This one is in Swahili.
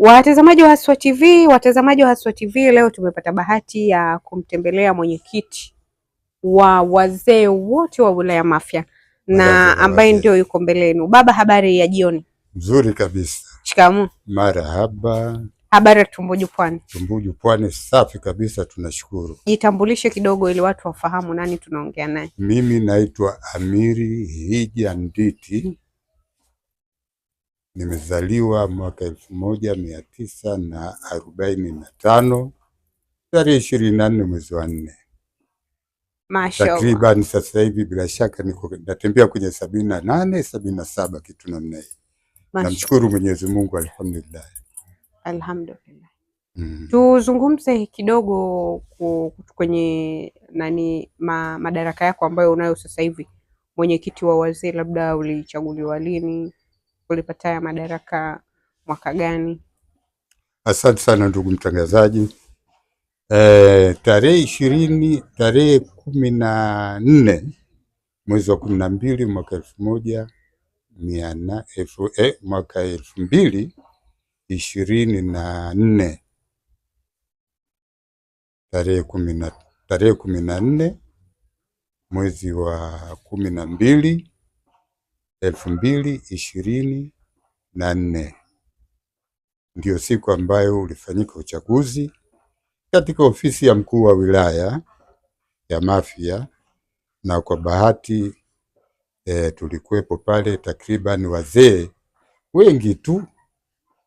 Watazamaji wa Haswa TV, watazamaji wa Haswa TV, leo tumepata bahati ya kumtembelea mwenyekiti wa wazee wote wa wilaya Mafia na ambaye ndio yuko mbele yenu. Baba, habari ya jioni? Mzuri kabisa. Shikamoo. Marahaba. Habari ya Tumbuju Pwani? Tumbuju Pwani safi kabisa, tunashukuru. Jitambulishe kidogo ili watu wafahamu nani tunaongea naye. Mimi naitwa Amiri Hija Nditi mm. Nimezaliwa mwaka elfu moja mia tisa na arobaini na tano tarehe ishirini na nne mwezi wa nne takriban sasa hivi bila shaka niko natembea kwenye sabini na nane sabini na saba kitu namna hii. Namshukuru Mwenyezi Mungu, alhamdulillah, alhamdulillah. Mm. Tuzungumze kidogo kwenye nani ma, madaraka yako ambayo unayo sasa hivi, mwenyekiti wa wazee, labda ulichaguliwa lini? ulipata haya madaraka mwaka gani? Asante sana ndugu mtangazaji. E, tarehe ishirini tarehe kumi na nne mwezi wa kumi na mbili mwaka elfu moja miana elfu, eh, mwaka elfu mbili ishirini na nne tarehe kumi na tarehe kumi na nne mwezi wa kumi na mbili elfu mbili ishirini na nne. ndio siku ambayo ulifanyika uchaguzi katika ofisi ya mkuu wa wilaya ya Mafia, na kwa bahati e, tulikuwepo pale takriban wazee wengi tu